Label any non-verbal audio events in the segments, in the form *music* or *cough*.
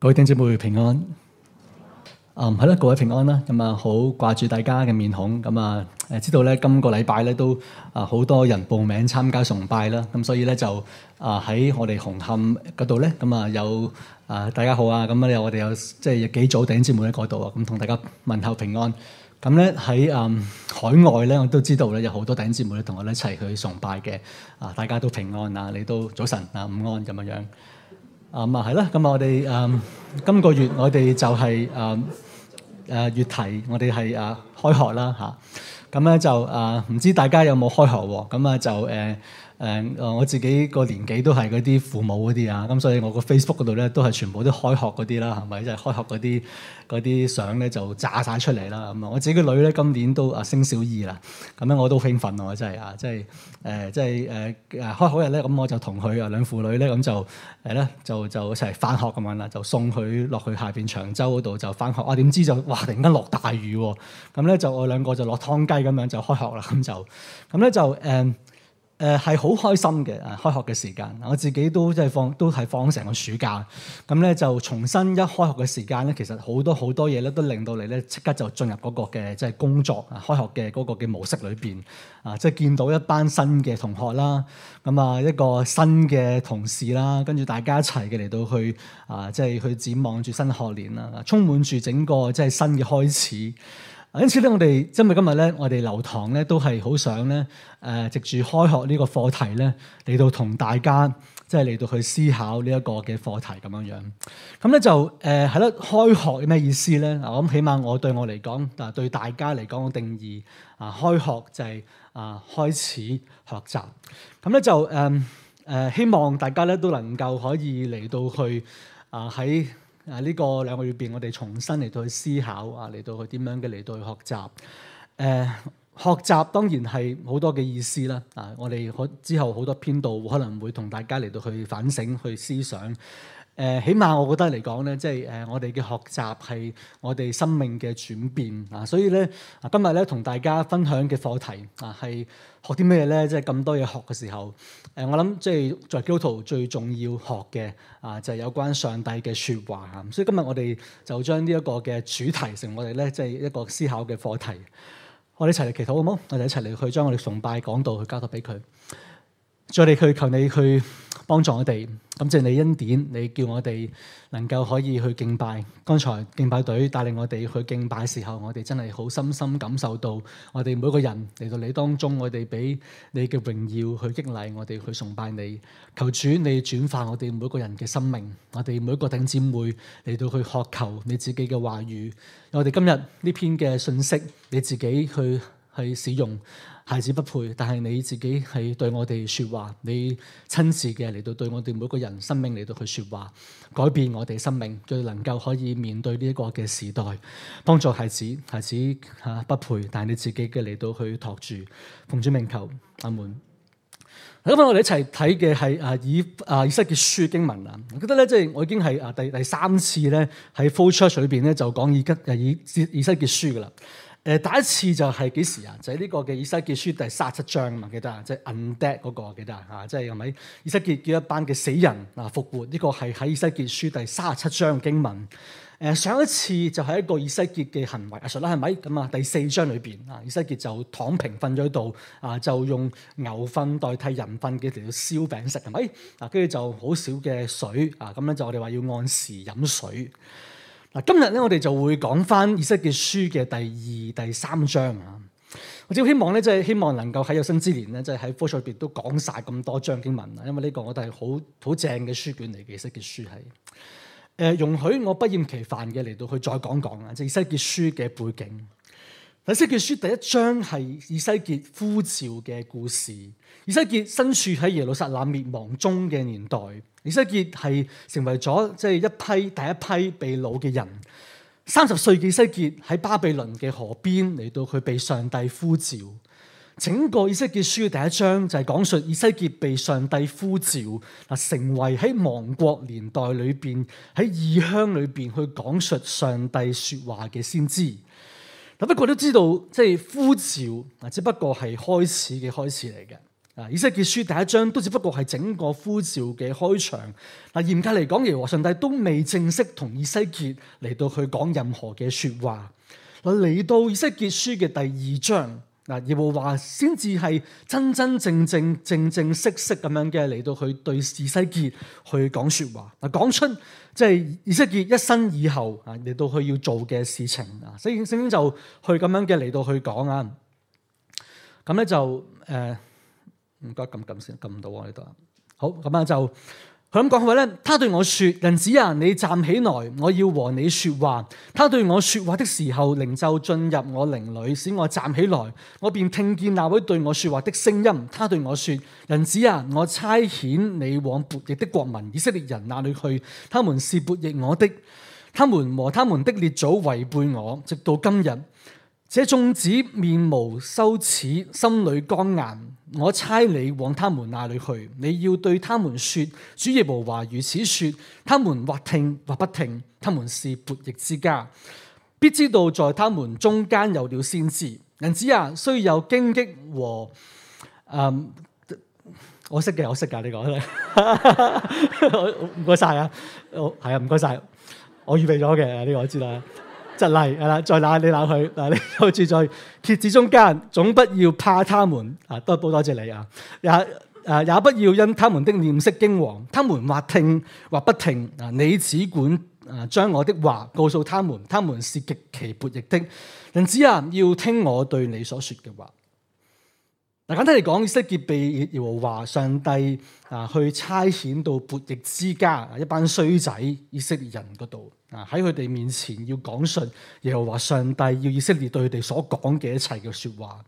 各位弟兄姊妹平安，啊、嗯，係、嗯、啦，各位平安啦，咁、嗯、啊，好掛住大家嘅面孔，咁啊，誒、嗯，知道咧，今個禮拜咧都啊好多人報名參加崇拜啦，咁所以咧就啊喺、嗯、我哋紅磡嗰度咧，咁啊有啊大家好啊，咁啊我哋有即係幾組弟兄姊妹喺嗰度啊，咁同大家問候平安。咁咧喺嗯海外咧，我都知道咧有好多弟兄姊妹咧同我哋一齊去崇拜嘅，啊、嗯，大家都平安啊，你都早晨啊，午安咁樣樣。啊，咁啊、嗯，係啦。咁啊，我哋誒今個月我哋就係誒誒月題，我哋係誒開學啦嚇，咁、啊、咧、嗯、就誒唔、呃、知大家有冇開學喎，咁啊、嗯、就誒。呃誒，我、嗯、我自己個年紀都係嗰啲父母嗰啲啊，咁、嗯、所以我個 Facebook 度咧都係全部都開學嗰啲啦，係咪？即、就、係、是、開學嗰啲啲相咧就炸晒出嚟啦。咁、嗯、啊，我自己嘅女咧今年都啊升小二啦，咁、嗯、樣我都興奮咯、嗯，真係啊，即係誒，即係誒誒開好日開學日咧，咁我就同佢啊兩父女咧，咁、嗯、就係咧就就一齊翻學咁樣啦，就送佢落去下邊長洲嗰度就翻學。我、啊、點知就哇突然間落大雨喎，咁、嗯、咧就我兩個就落湯雞咁樣就開學啦，咁、嗯、就咁咧、嗯、就誒。嗯就嗯誒係好開心嘅啊！開學嘅時間，我自己都即係放都係放咗成個暑假，咁咧就重新一開學嘅時間咧，其實好多好多嘢咧都令到你咧即刻就進入嗰個嘅即係工作啊開學嘅嗰個嘅模式裏邊啊，即係見到一班新嘅同學啦，咁啊一個新嘅同事啦，啊，跟住大家一齊嘅嚟到去啊，即係去展望住新學年啦、啊，充滿住整個即係新嘅開始。因此咧，我哋即係今日咧，我哋留堂咧都係好想咧，誒、呃，藉住開學個課呢個課題咧嚟到同大家，即係嚟到去思考呢一個嘅課題咁樣樣。咁咧就，誒係咯，開學有咩意思咧？我諗起碼我對我嚟講，但、呃、係對大家嚟講嘅定義，啊、呃，開學就係、是、啊、呃、開始學習。咁咧就，誒、呃、誒、呃，希望大家咧都能夠可以嚟到去啊喺。呃啊！呢個兩個月邊，我哋重新嚟到去思考啊，嚟到去點樣嘅嚟到去學習。誒、呃，學習當然係好多嘅意思啦。啊，我哋可之後好多編導可能會同大家嚟到去反省、去思想。誒，起碼我覺得嚟講咧，即係誒，我哋嘅學習係我哋生命嘅轉變啊，所以咧，今日咧同大家分享嘅課題啊，係學啲咩咧？即係咁多嘢學嘅時候，誒、呃，我諗即係基督徒最重要學嘅啊，就係、是、有關上帝嘅説話。咁所以今日我哋就將呢一個嘅主題成，成我哋咧即係一個思考嘅課題。我哋一齊嚟祈禱好冇？我哋一齊嚟去將我哋崇拜講道去交託俾佢，再嚟去求你去，幫助我哋，感謝你恩典，你叫我哋能夠可以去敬拜。剛才敬拜隊帶領我哋去敬拜時候，我哋真係好深深感受到，我哋每個人嚟到你當中，我哋俾你嘅榮耀去激勵我哋去崇拜你。求主你轉化我哋每個人嘅生命，我哋每一個弟兄姊妹嚟到去渴求你自己嘅話語。我哋今日呢篇嘅信息，你自己去去使用。孩子不配，但係你自己係對我哋說話，你親自嘅嚟到對我哋每個人生命嚟到去說話，改變我哋生命，最能夠可以面對呢一個嘅時代，幫助孩子。孩子吓不配，但係你自己嘅嚟到去托住，奉主名求，阿門。咁我哋一齊睇嘅係啊以啊以西結書經文啊，我覺得咧即係我已經係啊第第三次咧喺 flow church 裏邊咧就講以吉啊以以西結書噶啦。誒第一次就係幾時啊？就係、是、呢個嘅以西結書第三十七章啊嘛，記得啊，即係 a 釘嗰個記得啊，即係係咪？以西結叫一班嘅死人啊復活，呢、這個係喺以西結書第三十七章嘅經文。誒、呃、上一次就係一個以西結嘅行為阿 s 啦，係咪咁啊？是是第四章裏邊啊，以西結就躺平瞓咗喺度啊，就用牛瞓代替人瞓嘅條燒餅食係咪？啊，跟住就好少嘅水啊，咁咧就我哋話要按時飲水。嗱，今日咧我哋就會講翻《以西結書》嘅第二、第三章啊！我只希望咧，即係希望能夠喺有生之年咧，即係喺科賽入邊都講晒咁多章經文啦。因為呢個我都係好好正嘅書卷嚟，以西結書嘅，呃，《以西結書》係誒容許我不厭其煩嘅嚟到去再講講啊！即係《以西結書》嘅背景。《以西結書》第一章係以西結呼召嘅故事。以西結身處喺耶路撒冷滅亡中嘅年代，以西結係成為咗即係一批第一批被擄嘅人。三十歲嘅以西結喺巴比倫嘅河邊嚟到，佢被上帝呼召。整個《以西結書》第一章就係講述以西結被上帝呼召，嗱，成為喺亡國年代裏邊喺異鄉裏邊去講述上帝說話嘅先知。不過都知道即係呼召，嗱只不過係開始嘅開始嚟嘅，啊！以西結書第一章都只不過係整個呼召嘅開場。嗱，嚴格嚟講，耶和華上帝都未正式同以西結嚟到去講任何嘅説話。嗱，嚟到以西結書嘅第二章。嗱，耶和華先至係真真正正正正正式式咁樣嘅嚟到佢去對以西結去講説話，嗱，講出即係以西結一生以後啊嚟到去要做嘅事情啊，所以聖經就去咁樣嘅嚟到去講啊，咁咧就誒唔該撳撳先，撳唔到我呢度，好咁啊就。佢咁講話咧，他對我説：人子啊，你站起來，我要和你說話。他對我說話的時候，靈就進入我靈裏，使我站起來，我便聽見那位對我說話的聲音。他對我説：人子啊，我差遣你往悖逆的國民以色列人那裏去，他們是悖逆我的，他們和他們的列祖違背我，直到今日。這眾子面無羞恥，心裏剛硬。我差你往他們那裏去，你要對他們說：主耶和華如此說。他們或聽或不聽，他們是悖逆之家，必知道在他們中間有了先知。人子啊，雖有荊棘和誒、嗯，我識嘅，我識㗎，呢個唔該晒啊，係 *laughs* 啊，唔該晒。我預備咗嘅呢個我知啦。就例係啦，在哪 *music* 你哪佢，嗱？你好似在蠍子中間，總不要怕他們啊！多多謝你啊！也誒，也不要因他們的臉色驚惶，他們或聽或不聽啊！你只管誒將我的話告訴他們，他們是極其叛逆的。人子啊，要聽我對你所說嘅話。嗱，簡單嚟講，以色列被耶和華上帝啊去差遣到悖逆之家啊，一班衰仔以色列人嗰度啊，喺佢哋面前要講述耶和華上帝要以色列對佢哋所講嘅一切嘅說話，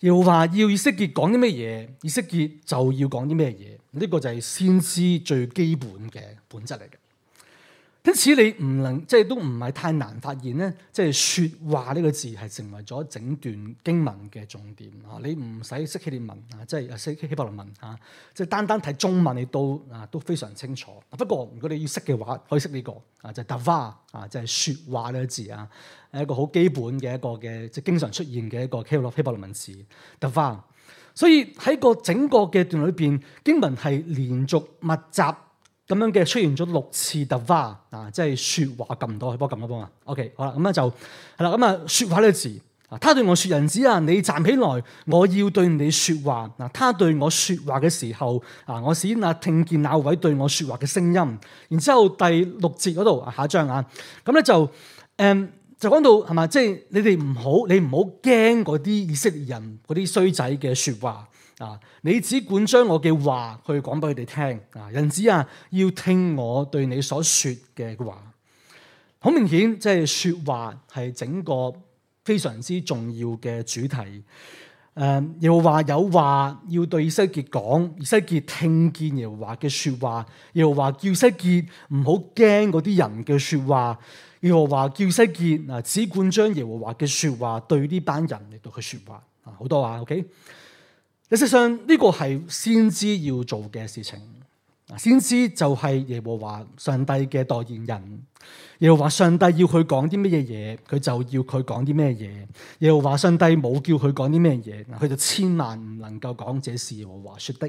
耶和華要以色列講啲咩嘢，以色列就要講啲咩嘢，呢、呢個就係先知最基本嘅本質嚟嘅。因此你唔能即係、就是、都唔係太難發現咧，即係説話呢個字係成為咗整段經文嘅重點啊！你唔使識希伯來文啊，即係識希伯來文啊，即係單單睇中文你都啊都非常清楚。不過如果你要識嘅話，可以識呢、這個啊，就係、是、dava、ah, 啊，就係説話呢個字啊，係一個好基本嘅一個嘅即係經常出現嘅一個希伯來希伯來文字 dava、ah。所以喺個整個嘅段裏邊，經文係連續密集。咁樣嘅出現咗六次突發啊！即係説話咁多，幫波咁多幫啊。OK，好啦，咁、嗯、咧就係啦。咁、嗯、啊，説話呢個字啊，他對我説人子啊，你站起來，我要對你説話嗱、嗯。他對我説話嘅時候啊、嗯，我先啊聽見那位對我説話嘅聲音。然之後第六節嗰度下章啊，咁、嗯、咧就誒、嗯、就講到係嘛，即係、就是、你哋唔好，你唔好驚嗰啲以色列人嗰啲衰仔嘅説話。啊！你只管將我嘅話去講俾佢哋聽啊！人子啊，要聽我對你所說嘅話。好明顯，即、就、係、是、說話係整個非常之重要嘅主題。誒、啊，又話有話要對西結講，西結聽見耶和華嘅說話，又話叫西結唔好驚嗰啲人嘅說話，又話叫西結啊，只管將耶和華嘅說話對呢班人嚟到去說話啊，好多話、啊、，OK？事實上呢個係先知要做嘅事情，先知就係耶和華上帝嘅代言人，耶和華上帝要佢講啲乜嘢嘢，佢就要佢講啲咩嘢，耶和華上帝冇叫佢講啲咩嘢，佢就千萬唔能夠講，這是耶和華說的。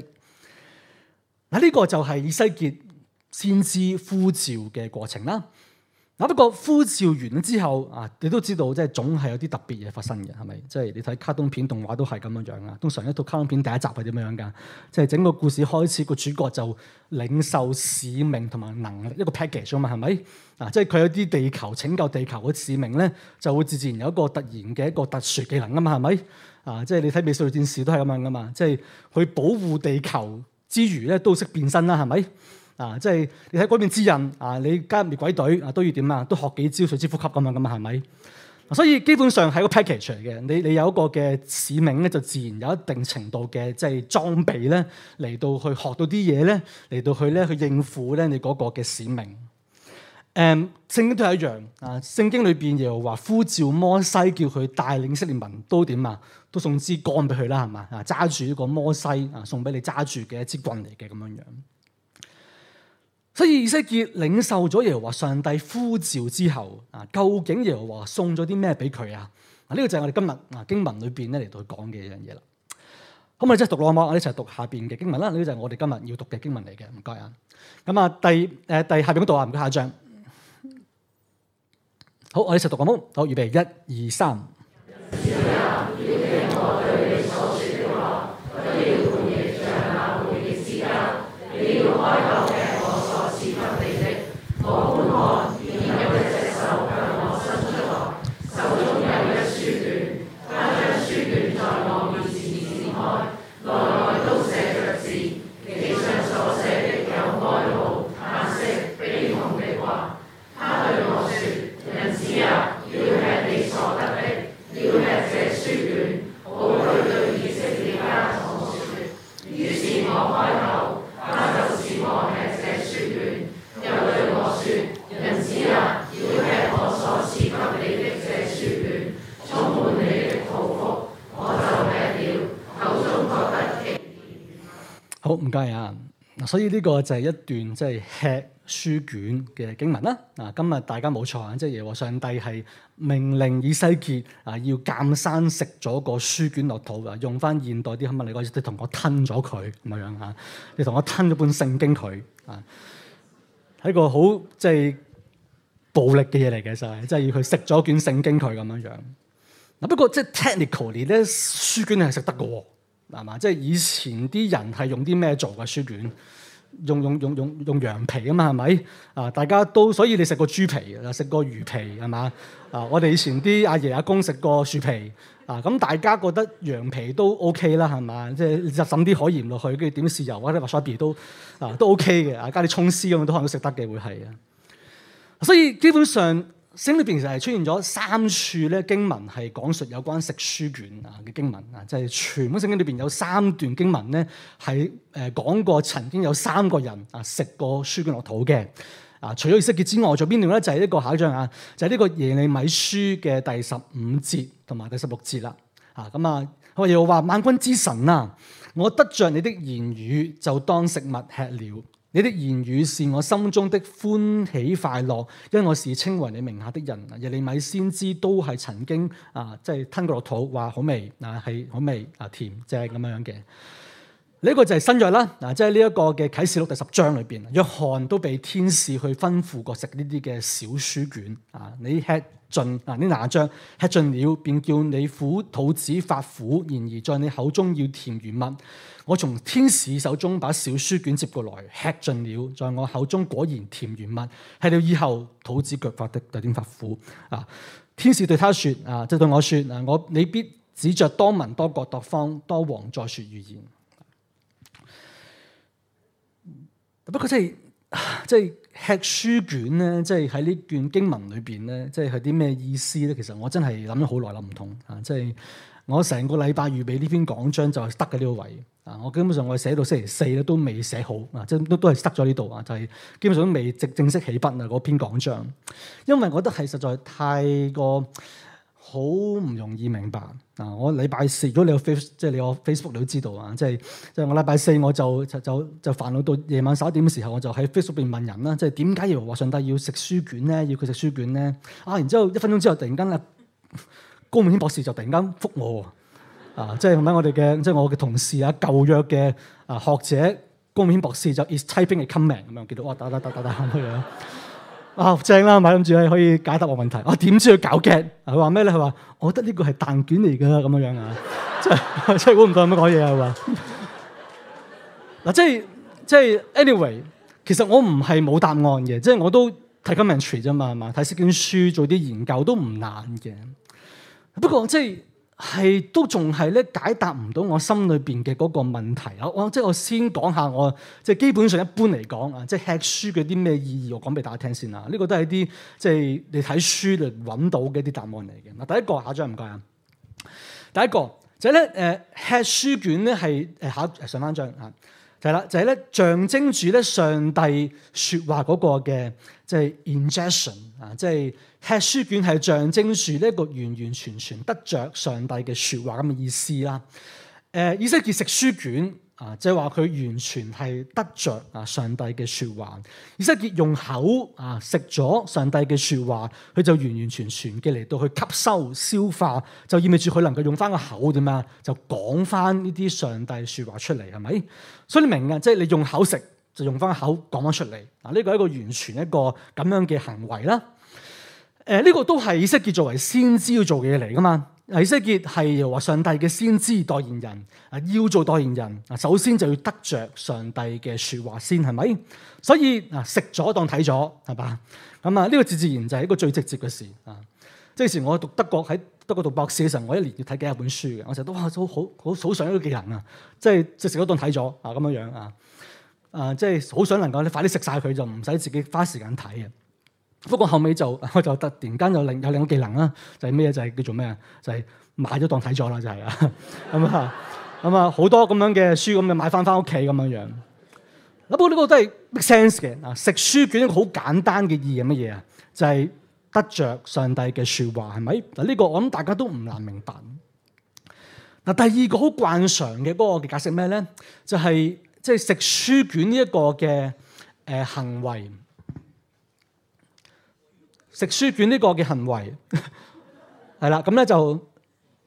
嗱、這、呢個就係以西結先知呼召嘅過程啦。嗱，不過呼召完之後啊，你都知道即係總係有啲特別嘢發生嘅，係咪？即係你睇卡通片動畫都係咁樣樣啊。通常一套卡通片第一集係點樣樣噶？即係整個故事開始，個主角就領受使命同埋能力，一個 package 啊嘛，係咪？嗱，即係佢有啲地球拯救地球嘅使命咧，就會自然有一個突然嘅一個特殊技能啊嘛，係咪？啊，即係你睇美少女戰士都係咁樣噶嘛，即係去保護地球之餘咧，都識變身啦，係咪？啊，即係你睇嗰邊指引啊，你加入滅鬼隊啊，都要點啊？都學幾招水之呼吸咁啊，咁啊，係咪？所以基本上係個 package 嚟嘅。你你有一個嘅使命咧，就自然有一定程度嘅即係裝備咧，嚟到去學到啲嘢咧，嚟到去咧去應付咧你嗰個嘅使命。誒，聖經都係一樣啊。聖經裏邊又話呼召摩西叫佢帶領以色列民，都點啊？都送支竿俾佢啦，係嘛？啊，揸住呢個摩西啊，送俾你揸住嘅一支棍嚟嘅咁樣樣。所以以西結領受咗耶和華上帝呼召之後，啊，究竟耶和華送咗啲咩俾佢啊？嗱，呢個就係我哋今日啊經文裏邊咧嚟到講嘅一樣嘢啦。好，我哋即係讀落讀，我哋一齊讀，讀下邊嘅經文啦。呢個就係我哋今日要讀嘅經文嚟嘅。唔該啊。咁啊，第誒、呃，第下邊嗰度啊，唔該下張。好，我哋一齊讀朗讀，好，預備，一二三。Yes. 所以呢個就係一段即係吃書卷嘅經文啦。啊，今日大家冇錯啊，即係耶和上帝係命令以西結啊，要鑑山食咗個書卷落肚啊，用返現代啲口文嚟講，你同我吞咗佢咁樣啊，你同我吞咗、啊、本聖經佢啊，係一個好即係暴力嘅嘢嚟嘅，就係即係要佢食咗卷聖經佢咁樣樣。嗱、啊、不過即係 technically 咧，書卷係食得嘅喎，係嘛？即係以前啲人係用啲咩做嘅書卷？用用用用用羊皮嘛，啊嘛，係咪啊？大家都，所以你食過豬皮啊，食過魚皮，係嘛啊？我哋以前啲阿爺阿公食過薯皮啊，咁大家覺得羊皮都 OK 啦，係嘛，即係浸啲海鹽落去，跟住點豉油或者辣椒皮都，啊都 OK 嘅，啊，加啲葱絲咁，都可能食得嘅，會係啊，所以基本上。聖經裏邊其實係出現咗三處咧，經文係講述有關食書卷啊嘅經文啊，就係、是、全部聖經裏邊有三段經文咧，係誒講過曾經有三個人啊食過書卷落肚嘅啊，除咗以西結之外，仲有邊段咧？就係呢個下一張啊，就係呢個耶利米書嘅第十五節同埋第十六節啦。啊咁啊，又話萬軍之神啊，我得着你的言語就當食物吃了。你的言語是我心中的歡喜快樂，因我是稱為你名下的人。耶利米先知都係曾經啊，即係吞過落肚，話好味嗱，係好味啊，甜正咁樣嘅。呢一個就係新約啦，嗱，即係呢一個嘅啟示錄第十章裏邊，約翰都被天使去吩咐過食呢啲嘅小書卷啊。你吃盡，嗱，你哪一章吃盡了，便叫你苦肚子發苦，然而在你口中要甜如蜜。我從天使手中把小書卷接過來吃盡了，在我口中果然甜如蜜。吃了以後肚子腳發的，腳點發苦啊？天使對他説啊，即係對我説嗱，我你必指着多民多國多方多王再説預言。不過真係，即係吃書卷咧，即係喺呢段經文裏邊咧，即係係啲咩意思咧？其實我真係諗咗好耐，諗唔通啊！即係我成個禮拜預備呢篇講章就係得嘅呢個位啊！我基本上我寫到星期四咧都未寫好啊，即係都都係塞咗呢度啊，就係基本上都未正正式起筆啊嗰篇講章，因為我覺得係實在太過。好唔容易明白啊！我禮拜四，如果你有 face 即係你個 Facebook 你都知道啊，即係即係我禮拜四我就就就，就煩惱到夜晚十一點嘅時候，我就喺 Facebook 入邊問人啦，即係點解要話上帝要食書卷咧？要佢食書卷咧？啊！然之後一分鐘之後，突然間阿高明軒博士就突然間覆我啊！即係同埋我哋嘅即係我嘅同事啊，舊約嘅啊學者高明軒博士就 is typing a comment 咁樣，叫到我打打打打打咁樣。啊，正啦，咪諗住咧可以解答我問題。我、啊、點知佢搞嘅？佢話咩咧？佢話我覺得呢個係蛋卷嚟嘅咁樣樣啊 *laughs* 啊！即係即係估唔到咁講嘢係嘛？嗱，即係即係，anyway，其實我唔係冇答案嘅，即係我都睇 commentary 啫嘛，係嘛？睇釋經書做啲研究都唔難嘅。不過即係。係都仲係咧，解答唔到我心裏邊嘅嗰個問題啊！我即係我先講下我即係基本上一般嚟講啊，即係吃書嘅啲咩意義，我講俾大家聽先啦。呢個都係啲即係你睇書嚟揾到嘅一啲答案嚟嘅。嗱，第一個啊，下張唔該啊，第一個就係咧，誒，吃書卷咧係誒，考上翻張啊，係啦，就係咧象徵住咧上帝說話嗰個嘅即係 injection 啊，即係。吃書卷係象徵住呢一個完完全全得着上帝嘅說話咁嘅意思啦。誒、呃，以色列食書卷啊，即係話佢完全係得着啊上帝嘅說話。以色列用口啊食咗上帝嘅說話，佢就完完全全嘅嚟到去吸收消化，就意味住佢能夠用翻個口點啊？就講翻呢啲上帝說話出嚟係咪？所以你明㗎，即係你用口食就用翻個口講翻出嚟。嗱、啊，呢、這個係一個完全一個咁樣嘅行為啦。誒，呢個都係以西結作為先知要做嘅嘢嚟噶嘛。以西結係又話上帝嘅先知代言人，啊，要做代言人，啊，首先就要得着上帝嘅說話先，係咪？所以啊，食咗當睇咗，係嘛？咁啊，呢個自自然就係一個最直接嘅事啊。即係時我讀德國喺德國讀博士嘅時候，我一年要睇幾廿本書嘅，我成日都哇，好好好好想一個技能啊！即係食食咗當睇咗啊，咁樣樣啊，啊，即係好想能夠你快啲食晒佢就唔使自己花時間睇嘅。不過後尾就我 *noise* 就突然間又另有另一技能啦，就係、是、咩、就是？就係叫做咩？就係買咗當睇咗啦，就係啦。咁啊，咁啊，好多咁樣嘅書咁就買翻翻屋企咁樣樣。嗱、嗯，不過呢個都係 make sense 嘅。嗱，食書卷一個好簡單嘅意義係乜嘢啊？就係、是、得着上帝嘅説話，係、就、咪、是？嗱，呢個我諗大家都唔難明白。嗱、嗯嗯，第二個好慣常嘅嗰個嘅解釋咩咧？就係即係食書卷呢一個嘅誒、uh, 行為。食書卷呢個嘅行為係啦，咁 *laughs* 咧就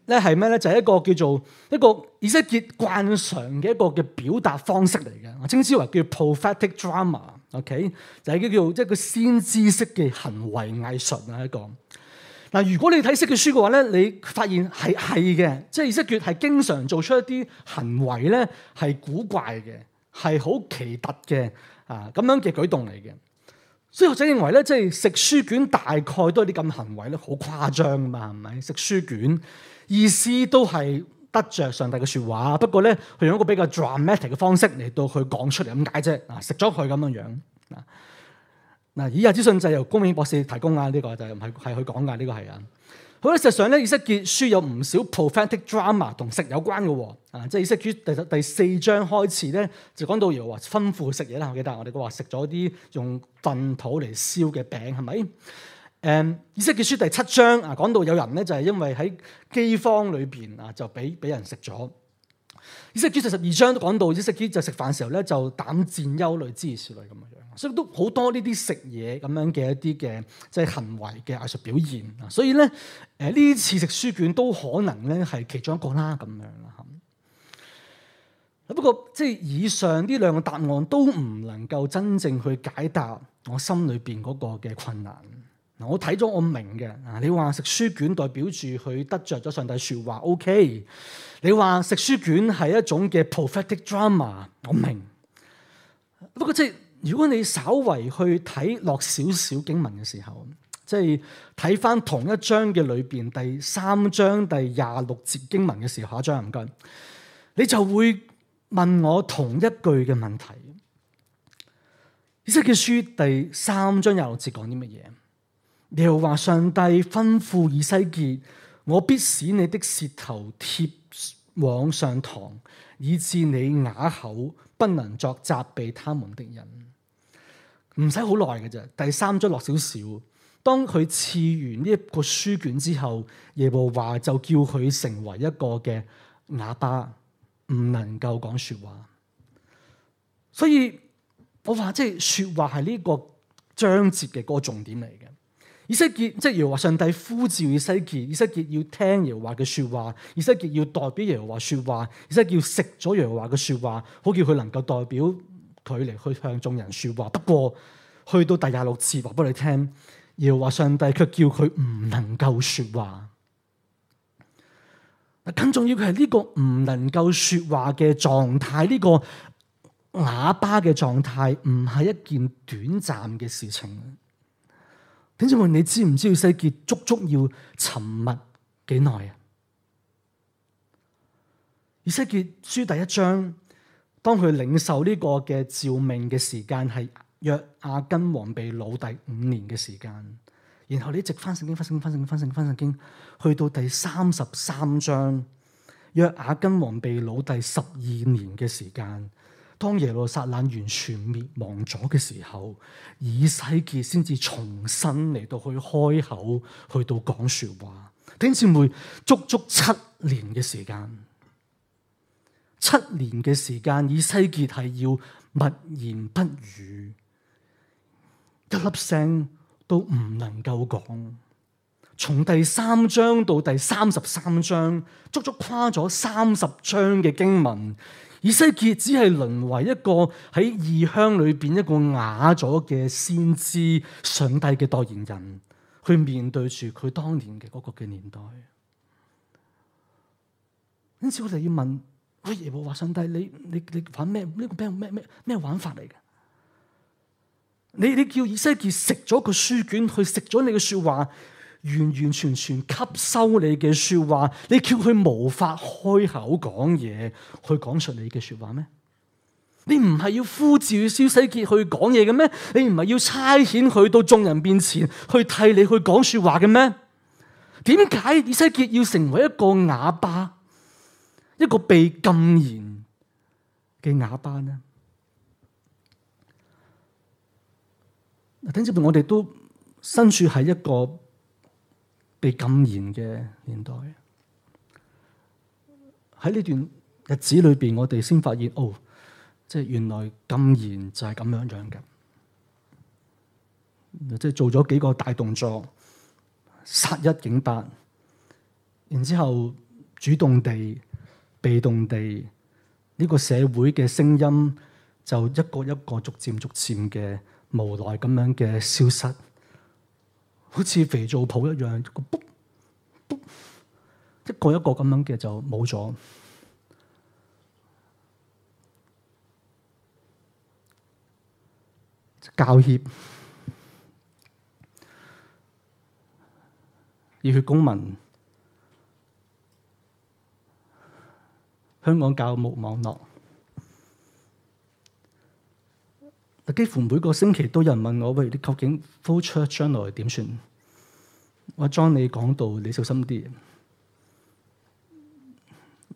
咧係咩咧？就係一個叫做一個以西結慣常嘅一個嘅表達方式嚟嘅，我稱之為叫 prophetic drama，OK，、okay? 就係叫叫做一個先知式嘅行為藝術啊，一個嗱。如果你睇以西結書嘅話咧，你發現係係嘅，即係以西結係經常做出一啲行為咧係古怪嘅，係好奇特嘅啊咁樣嘅舉動嚟嘅。所以我者認為咧，即係食書卷大概都係啲咁行為咧，好誇張啊嘛，係咪？食書卷意思都係得着上帝嘅説話，不過咧，佢用一個比較 dramatic 嘅方式嚟到去講出嚟，點解啫？啊，食咗佢咁樣樣啊！嗱，以下資訊就由公敏博士提供啊，呢、呢個就唔係係佢講噶，呢、呢個係、就、啊、是。好啦，事實上咧，以西結書有唔少 prophetic drama 同食有關嘅喎，啊，即係以西結第第四章開始咧，就講到如果話吩咐食嘢啦，我記得我哋都話食咗啲用糞土嚟燒嘅餅，係咪？誒、嗯，以西結書第七章啊，講到有人咧就係、是、因為喺饑荒裏邊啊，就俾俾人食咗。以西結書第十二章都講到，以西結就食飯時候咧就膽戰憂慮、諸如此類咁樣。所以都好多呢啲食嘢咁樣嘅一啲嘅即係行為嘅藝術表現啊！所以咧，誒、呃、呢次食書卷都可能咧係其中一個啦咁樣啦嚇、嗯。不過即係以上呢兩個答案都唔能夠真正去解答我心裏邊嗰個嘅困難嗱。我睇咗我明嘅，你話食書卷代表住佢得着咗上帝説話，OK。你話食書卷係一種嘅 prophetic drama，我明。不過即係。如果你稍為去睇落少少經文嘅時候，即係睇返同一章嘅裏邊第三章第廿六節經文嘅時候，下一張，唔該你就會問我同一句嘅問題：《以西結書》第三章廿六節講啲乜嘢？你又話上帝吩咐以西結，我必使你的舌頭貼往上堂。以致你啞口不能作責備他們的人，唔使好耐嘅啫。第三章落少少，當佢賜完呢一個書卷之後，耶和華就叫佢成為一個嘅啞巴，唔能夠講說話。所以我話即係說話係呢個章節嘅個重點嚟嘅。以西結即係，耶和華上帝呼召以西結，以西結要聽耶和華嘅說話，以西結要代表耶和華說話，以西結要食咗耶和華嘅說話，好叫佢能夠代表佢嚟去向眾人說話。不過去到第廿六次話俾你聽，耶和華上帝卻叫佢唔能夠說話。嗱，更重要嘅係呢個唔能夠說話嘅狀態，呢、呢個啞巴嘅狀態，唔係一件短暫嘅事情。點知問你知唔知？要以西結足足要沉默幾耐啊？而以西結書第一章，當佢領受呢個嘅召命嘅時間係約雅斤王被擄第五年嘅時間，然後你直翻聖經，翻聖經，翻聖經，翻聖經，經，去到第三十三章，約雅斤王被擄第十二年嘅時間。當耶路撒冷完全滅亡咗嘅時候，以西結先至重新嚟到去開口，去到講說話。天使梅足足七年嘅時間，七年嘅時間，以西結係要默言不語，一粒聲都唔能夠講。從第三章到第三十三章，足足跨咗三十章嘅經文。以西結只係淪為一個喺異鄉裏邊一個啞咗嘅先知，上帝嘅代言人，去面對住佢當年嘅嗰個嘅年代。因此我就要問：喂，耶和華上帝，你你你玩咩？呢、這個咩咩咩咩玩法嚟嘅？你你叫以西結食咗個書卷，去食咗你嘅說話。完完全全吸收你嘅說話，你叫佢無法開口講嘢，去講出你嘅說話咩？你唔係要呼召以西結去講嘢嘅咩？你唔係要差遣佢到眾人面前去替你去講說話嘅咩？點解以西結要成為一個啞巴，一個被禁言嘅啞巴呢？嗱，聽住，我哋都身處喺一個。被禁言嘅年代，喺呢段日子裏邊，我哋先發現，哦，即係原來禁言就係咁樣樣嘅，即係做咗幾個大動作，殺一儆百，然之後主動地、被動地，呢個社會嘅聲音就一個一個逐漸逐漸嘅無奈咁樣嘅消失。好似肥皂泡一樣，一個一個咁樣嘅就冇咗，教協、熱血公民、香港教育網絡。嗱，幾乎每個星期都有人問我，喂，你究竟 flow church 將來點算？我 John，你講道你小心啲，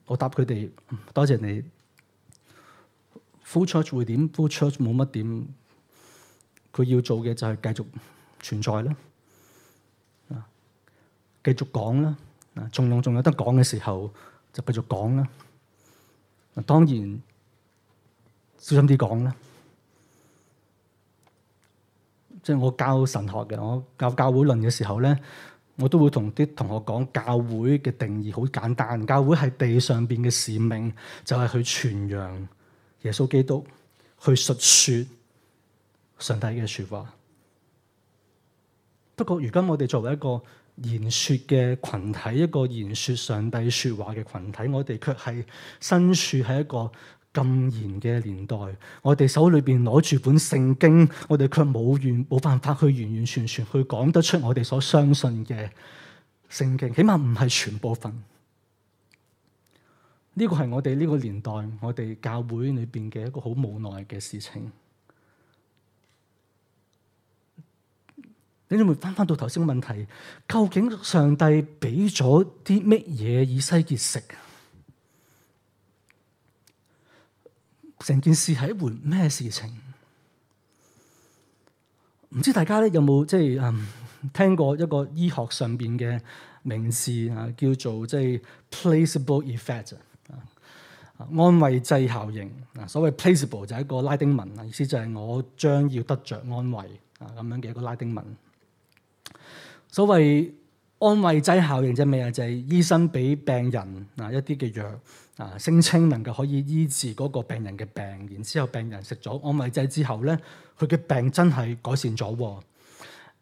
我答佢哋，多謝你。flow church 會點？flow church 冇乜點？佢要做嘅就係繼續存在啦，繼續講啦。從容仲有得講嘅時候，就繼續講啦。嗱，當然小心啲講啦。即係我教神學嘅，我教教會論嘅時候咧，我都會同啲同學講教會嘅定義好簡單，教會係地上邊嘅使命，就係去傳揚耶穌基督，去述説上帝嘅説話。不過如今我哋作為一個言説嘅群體，一個言説上帝説話嘅群體，我哋卻係身處喺一個禁言嘅年代，我哋手裏邊攞住本聖經，我哋卻冇完冇辦法去完完全全去講得出我哋所相信嘅聖經，起碼唔係全部份。呢個係我哋呢個年代我哋教會裏邊嘅一個好無奈嘅事情。你哋會翻翻到頭先嘅問題，究竟上帝俾咗啲乜嘢以西結食？成件事係一回咩事情？唔知大家咧有冇即係嗯聽過一個醫學上邊嘅名詞啊，叫做即係、就是、placebo effect 啊，安慰劑效應啊。所謂 placebo 就係一個拉丁文啊，意思就係我將要得着安慰啊咁樣嘅一個拉丁文。所謂安慰劑效應即係咩啊？就係醫生俾病人啊一啲嘅藥啊，聲稱能夠可以醫治嗰個病人嘅病，然之後病人食咗安慰劑之後咧，佢嘅病真係改善咗，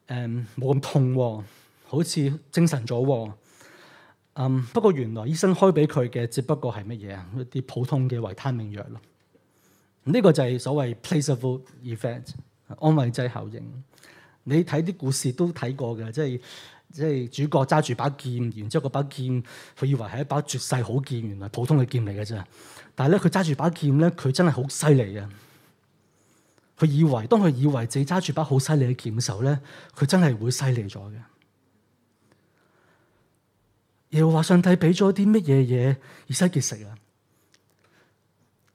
誒冇咁痛，好似精神咗。嗯，不過原來醫生開俾佢嘅，只不過係乜嘢啊？一啲普通嘅維他命藥咯。呢、這個就係所謂 placebo effect 安慰劑效應。你睇啲故事都睇過嘅，即係。即係主角揸住把劍，然之後嗰把劍佢以為係一把絕世好劍，原來普通嘅劍嚟嘅啫。但係咧，佢揸住把劍咧，佢真係好犀利嘅。佢以為，當佢以為自己揸住把好犀利嘅劍嘅時候咧，佢真係會犀利咗嘅。耶穌話：上帝俾咗啲乜嘢嘢以西結食啊？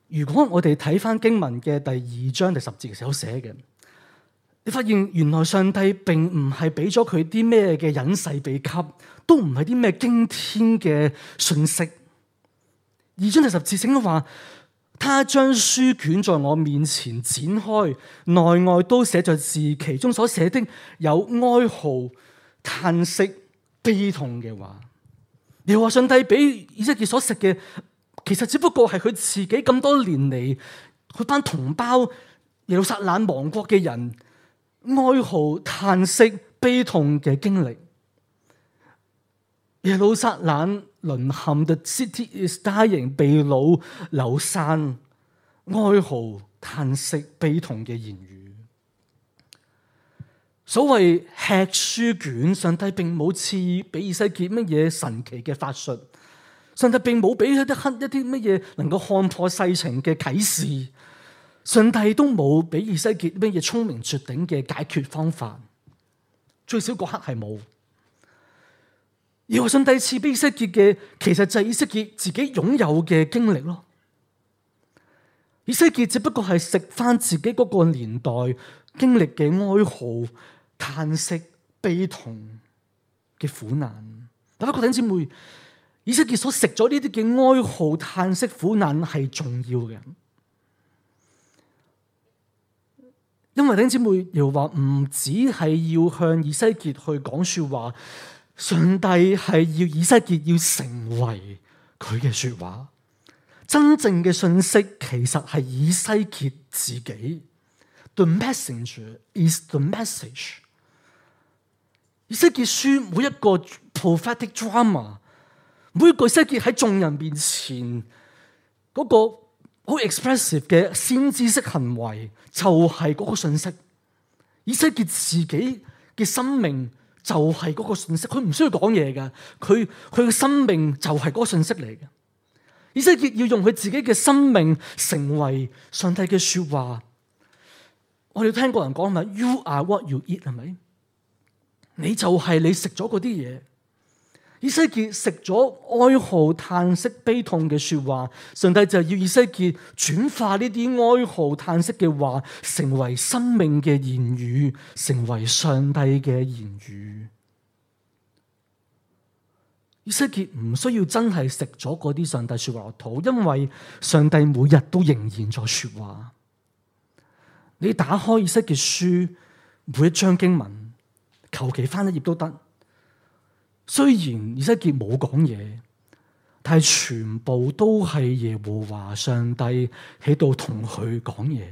如果我哋睇翻經文嘅第二章第十節嘅時候寫嘅。你發現原來上帝並唔係俾咗佢啲咩嘅隱世秘笈，都唔係啲咩驚天嘅訊息。二章第十節聖經話：他將書卷在我面前展開，內外都寫着字，其中所寫的有哀號、嘆息、悲痛嘅話。你話上帝俾以色列所食嘅，其實只不過係佢自己咁多年嚟，佢班同胞耶路撒冷亡國嘅人。哀嚎、嘆息、悲痛嘅經歷，耶路撒冷淪陷的 city is dying，被擄流散、哀嚎、嘆息、悲痛嘅言語。所謂吃書卷，上帝並冇賜俾以西結乜嘢神奇嘅法術，上帝並冇俾佢啲黑一啲乜嘢能夠看破世情嘅啟示。上帝都冇俾以西結乜嘢聰明絕頂嘅解決方法，最少嗰刻係冇。而我上帝賜俾以西結嘅，其實就係以西結自己擁有嘅經歷咯。以西結只不過係食翻自己嗰個年代經歷嘅哀號、嘆息、悲痛嘅苦難。大家各位姐妹，以西結所食咗呢啲嘅哀號、嘆息、苦難係重要嘅。因為丁姐妹又話唔止係要向以西結去講說話，上帝係要以西結要成為佢嘅說話，真正嘅信息其實係以西結自己。The messenger is the message。以西結書每一個 prophetic drama，每句以西結喺眾人面前嗰、那個，好 expressive 嘅先知式行為就係嗰個信息，以西結自己嘅生命就係嗰個信息，佢唔需要講嘢㗎，佢佢嘅生命就係嗰個信息嚟嘅，以西結要用佢自己嘅生命成為上帝嘅説話。我哋聽過人講咪，You are what you eat 係咪？你就係你食咗嗰啲嘢。以西結食咗哀號、嘆息、悲痛嘅說話，上帝就要以西結轉化呢啲哀號、嘆息嘅話，成為生命嘅言語，成為上帝嘅言語。以西結唔需要真係食咗嗰啲上帝說話落肚，因為上帝每日都仍然在說話。你打開以西結書每一章經文，求其翻一頁都得。雖然以西結冇講嘢，但係全部都係耶和華上帝喺度同佢講嘢。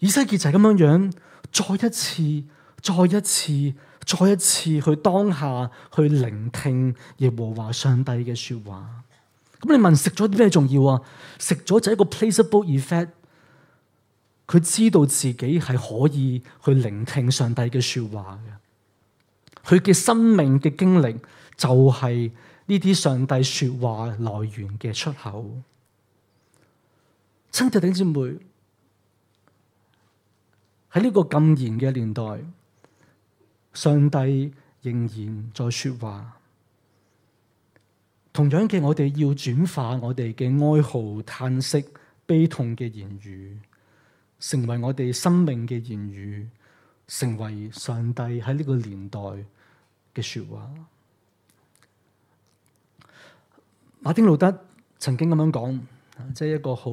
以西結就係咁樣樣，再一次、再一次、再一次去當下去聆聽耶和華上帝嘅說話。咁你問食咗啲咩重要啊？食咗就一個 placebo effect。佢知道自己係可以去聆聽上帝嘅說話嘅。佢嘅生命嘅經歷就係呢啲上帝說話來源嘅出口。親愛的姊妹，喺呢個禁言嘅年代，上帝仍然在說話。同樣嘅，我哋要轉化我哋嘅哀號、嘆息、悲痛嘅言語，成為我哋生命嘅言語。成為上帝喺呢個年代嘅説話。馬丁路德曾經咁樣講，即係一個嗯好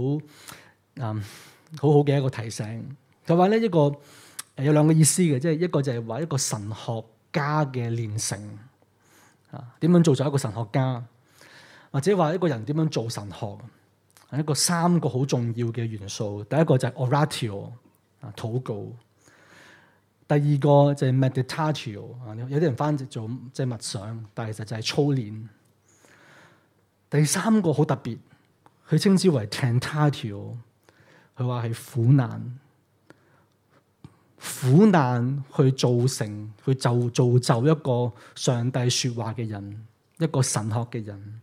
嗯好好嘅一個提醒。佢話咧一個、呃、有兩個意思嘅，即係一個就係話一個神學家嘅煉成啊點樣做就一個神學家，或者話一個人點樣做神學係、啊、一個三個好重要嘅元素。第一個就係 oratio 啊禱告。第二個就係 meditatio，有啲人翻譯做即係默想，但係其實就係操練。第三個好特別，佢稱之為 tentatio，佢話係苦難，苦難去造成佢就造就一個上帝説話嘅人，一個神學嘅人，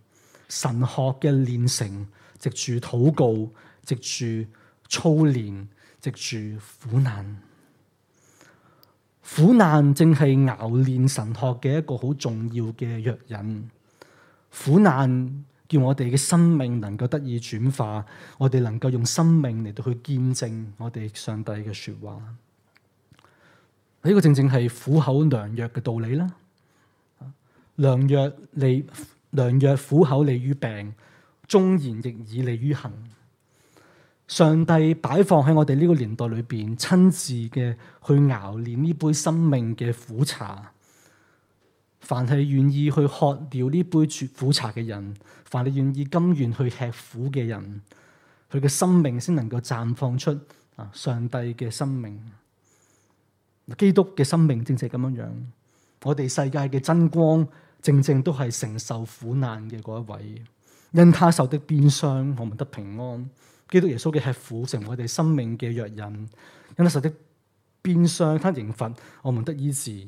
神學嘅練成，藉住禱告，藉住操練，藉住苦難。苦難正係熬練神學嘅一個好重要嘅藥引，苦難叫我哋嘅生命能夠得以轉化，我哋能夠用生命嚟到去見證我哋上帝嘅說話。呢個正正係苦口良藥嘅道理啦，良藥利良藥苦口利於病，忠言亦以利於行。上帝擺放喺我哋呢個年代裏邊，親自嘅去熬煉呢杯生命嘅苦茶。凡係願意去喝掉呢杯絕苦茶嘅人，凡係願意甘願去吃苦嘅人，佢嘅生命先能夠綻放出啊上帝嘅生命。基督嘅生命正正咁樣樣，我哋世界嘅真光正正都係承受苦難嘅嗰一位，因他受的鞭傷，我們得平安。基督耶穌嘅吃苦成為我哋生命嘅藥引，因那實的鞭傷吞刑罰，我們得醫治。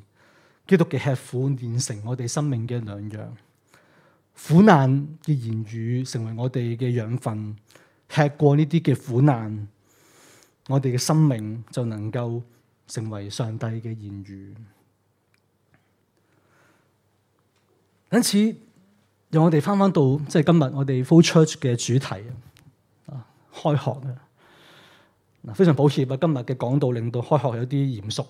基督嘅吃苦煉成我哋生命嘅良藥，苦難嘅言語成為我哋嘅養分。吃過呢啲嘅苦難，我哋嘅生命就能夠成為上帝嘅言語。因此，讓我哋翻翻到即係今日我哋 flow church 嘅主題。開學啊！嗱，非常抱歉啊，今日嘅講道令到開學有啲嚴肅。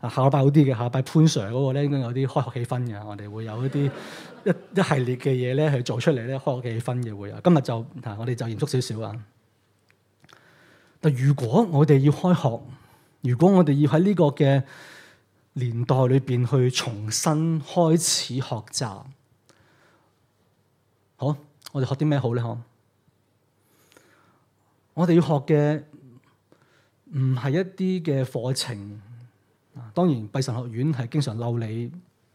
啊，下禮拜好啲嘅，下禮拜潘 sir 嗰個咧應該有啲開學氣氛嘅，我哋會有一啲 *laughs* 一一系列嘅嘢咧去做出嚟咧開學氣氛嘅會啊。今日就啊，我哋就嚴肅少少啊。但如果我哋要開學，如果我哋要喺呢個嘅年代裏邊去重新開始學習，好，我哋學啲咩好咧？呵？我哋要學嘅唔係一啲嘅課程，當然閉神學院係經常嬲你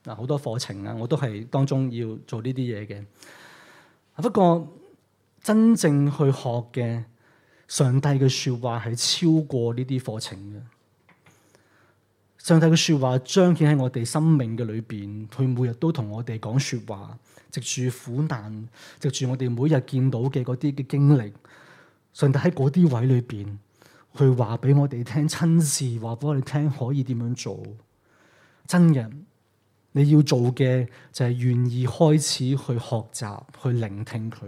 啊好多課程啊，我都係當中要做呢啲嘢嘅。不過真正去學嘅上帝嘅說話係超過呢啲課程嘅。上帝嘅說話彰顯喺我哋生命嘅裏邊，佢每日都同我哋講說話，藉住苦難，藉住我哋每日見到嘅嗰啲嘅經歷。上帝喺嗰啲位裏邊，去話俾我哋聽親自，話俾我哋聽可以點樣做？真嘅，你要做嘅就係願意開始去學習，去聆聽佢。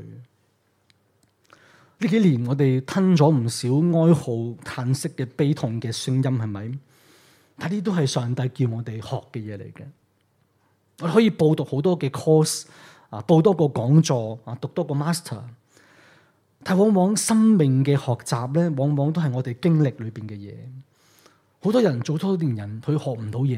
呢幾年我哋吞咗唔少哀號、嘆息嘅悲痛嘅聲音，係咪？但係呢都係上帝叫我哋學嘅嘢嚟嘅。我哋可以報讀好多嘅 course 啊，報多個講座啊，讀多個 master。但往往生命嘅學習咧，往往都係我哋經歷裏邊嘅嘢。好多人做多年人，佢學唔到嘢，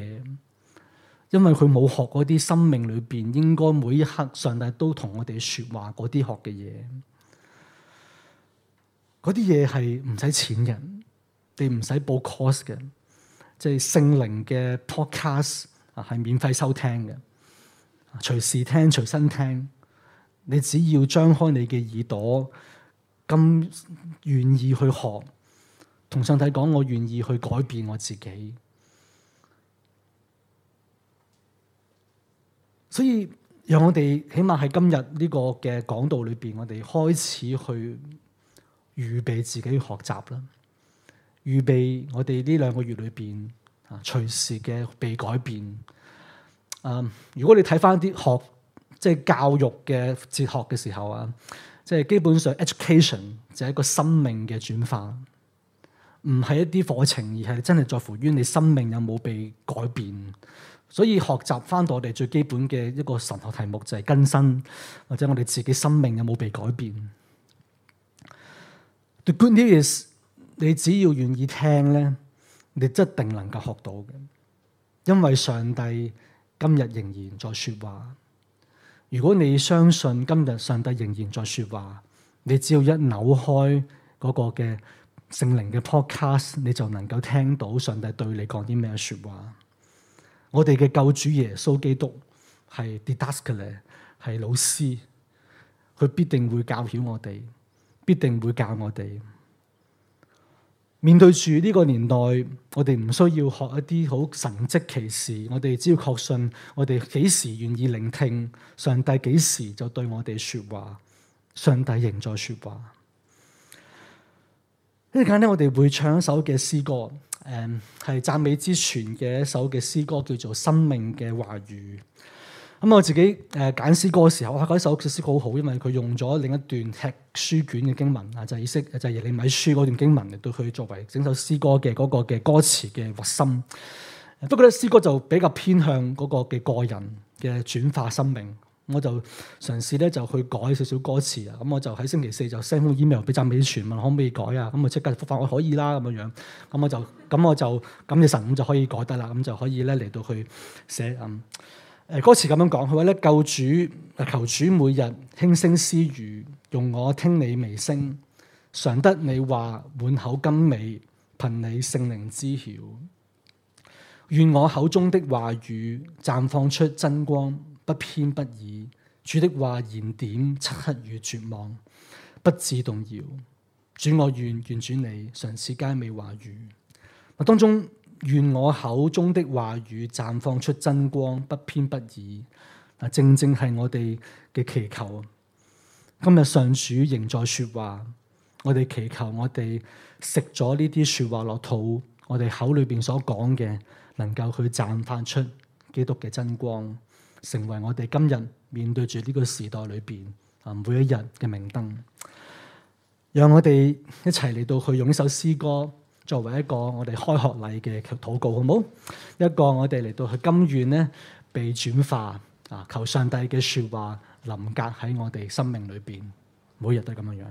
因為佢冇學嗰啲生命裏邊應該每一刻上帝都同我哋説話嗰啲學嘅嘢。嗰啲嘢係唔使錢嘅，你唔使報 course 嘅，即係聖靈嘅 podcast 啊，係免費收聽嘅，隨時聽、隨身聽。你只要張開你嘅耳朵，咁願意去學，同上帝講，我願意去改變我自己。所以，讓我哋起碼喺今日呢個嘅講道裏邊，我哋開始去預備自己學習啦。預備我哋呢兩個月裏邊啊，隨時嘅被改變。嗯，如果你睇翻啲學，即係教育嘅哲學嘅時候啊。即係基本上，education 就係一個生命嘅轉化，唔係一啲課程，而係真係在乎於你生命有冇被改變。所以學習返到我哋最基本嘅一個神學題目，就係更新或者我哋自己生命有冇被改變。The good news is, 你只要願意聽咧，你一定能夠學到嘅，因為上帝今日仍然在說話。如果你相信今日上帝仍然在說話，你只要一扭開嗰個嘅聖靈嘅 podcast，你就能夠聽到上帝對你講啲咩說話。我哋嘅救主耶穌基督係 Didaskalos，係老師，佢必定會教曉我哋，必定會教我哋。面對住呢個年代，我哋唔需要學一啲好神跡奇事，我哋只要確信，我哋幾時願意聆聽上帝，幾時就對我哋説話，上帝仍在説話。呢陣間呢，我哋會唱一首嘅詩歌，誒，係讚美之泉嘅一首嘅詩歌，叫做《生命嘅話語》。咁、嗯、我自己誒揀、呃、詩歌嘅時候，我覺得首詩歌好好，因為佢用咗另一段吃書卷嘅經文啊，就係意識，就係耶利米書嗰段經文嚟對佢作為整首詩歌嘅嗰個嘅歌詞嘅核心。啊、不過咧，詩歌就比較偏向嗰個嘅個人嘅轉化生命。我就嘗試咧就去改少少歌詞啊。咁、嗯、我就喺星期四就 send email 俾讚美傳聞，可唔可以改啊？咁、嗯、啊，即刻覆返我可以啦咁嘅樣。咁、嗯、我就咁我就咁你神五就可以改得啦。咁就可以咧嚟到去寫嗯。嗯嗯誒歌詞咁樣講，佢話咧：救主，求主每日輕聲私語，容我聽你微聲，常得你話滿口甘美，憑你聖靈之曉。願我口中的話語，綻放出真光，不偏不倚。主的話言點漆黑與絕望，不致動搖。主我願願主你常似佳美話語。啊，當中。願我口中的話語綻放出真光，不偏不倚。嗱，正正係我哋嘅祈求。今日上主仍在說話，我哋祈求我哋食咗呢啲說話落肚，我哋口裏邊所講嘅，能夠去綻放出基督嘅真光，成為我哋今日面對住呢個時代裏邊啊每一日嘅明燈。讓我哋一齊嚟到去用一首詩歌，作為一個我哋開學禮嘅禱告，好唔好？一個我哋嚟到去甘願咧被轉化啊，求上帝嘅説話臨格喺我哋生命裏邊，每日都係咁樣樣。